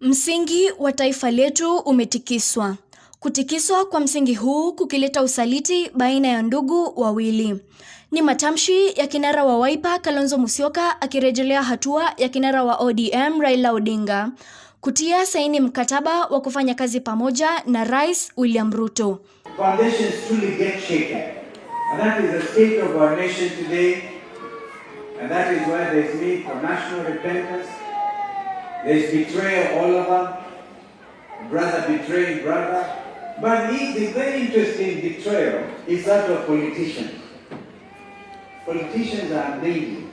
Msingi wa taifa letu umetikiswa. Kutikiswa kwa msingi huu kukileta usaliti baina ya ndugu wawili. Ni matamshi ya kinara wa Wiper Kalonzo Musyoka akirejelea hatua ya kinara wa ODM Raila Odinga kutia saini mkataba wa kufanya kazi pamoja na Rais William Ruto. There's betrayal all around. Brother betraying brother. But the very interesting betrayal is that of politicians. Politicians are amazing.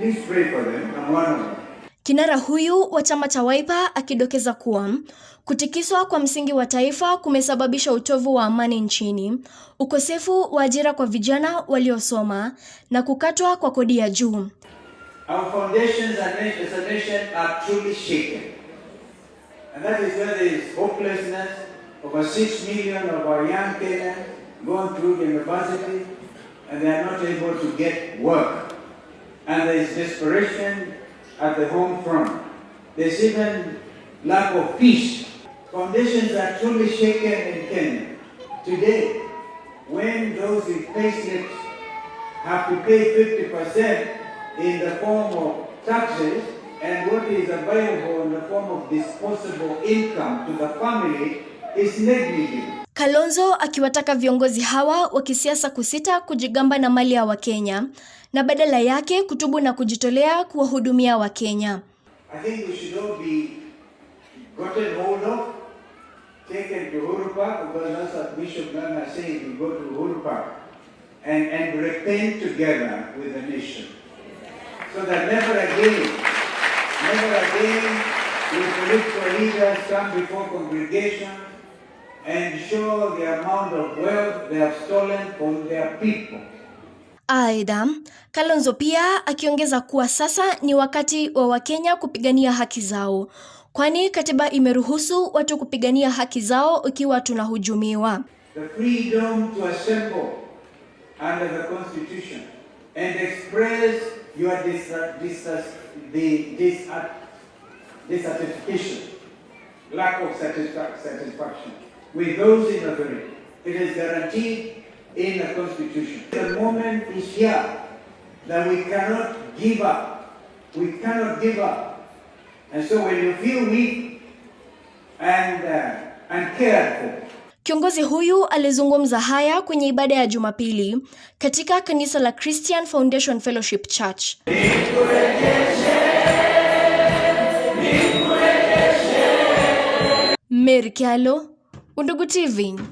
Please pray for them. I'm one of them. Kinara huyu wa chama cha Wiper akidokeza kuwa kutikiswa kwa msingi wa taifa kumesababisha utovu wa amani nchini, ukosefu wa ajira kwa vijana waliosoma na kukatwa kwa kodi ya juu. Our foundations as a nation are truly shaken. And that is where there is hopelessness. Over 6 million of our young Kenyans going through university and they are not able to get work. And there is desperation at the home front. There's even lack of peace. Foundations are truly shaken in Kenya. Today, when those with payslips have to pay 50% in the form of taxes and what is available in the form of disposable income to the family is negligible. Kalonzo akiwataka viongozi hawa wa kisiasa kusita kujigamba na mali ya Wakenya na badala yake kutubu na kujitolea kuwahudumia Wakenya. I think we should all be gotten hold of, taken to Uhuru Park, because that's what Bishop Nana said, we go to Uhuru Park and, and repent together with the nation so that never again, never again will political leaders come before congregation and show the amount of wealth they have stolen from their people. Aidha, ah, Kalonzo pia akiongeza kuwa sasa ni wakati wa Wakenya kupigania haki zao, kwani katiba imeruhusu watu kupigania haki zao ikiwa tunahujumiwa. The freedom to assemble under the constitution and express your dis uh, dis uh, the uh, dissatisfaction, lack of satisfaction with those in authority. It is guaranteed in the Constitution. The moment is here that we cannot give up. We cannot give up. And so when you feel weak and, uh, and cared for, Kiongozi huyu alizungumza haya kwenye ibada ya Jumapili katika kanisa la Christian Foundation Fellowship Church. Meri Kyalo, Undugu TV.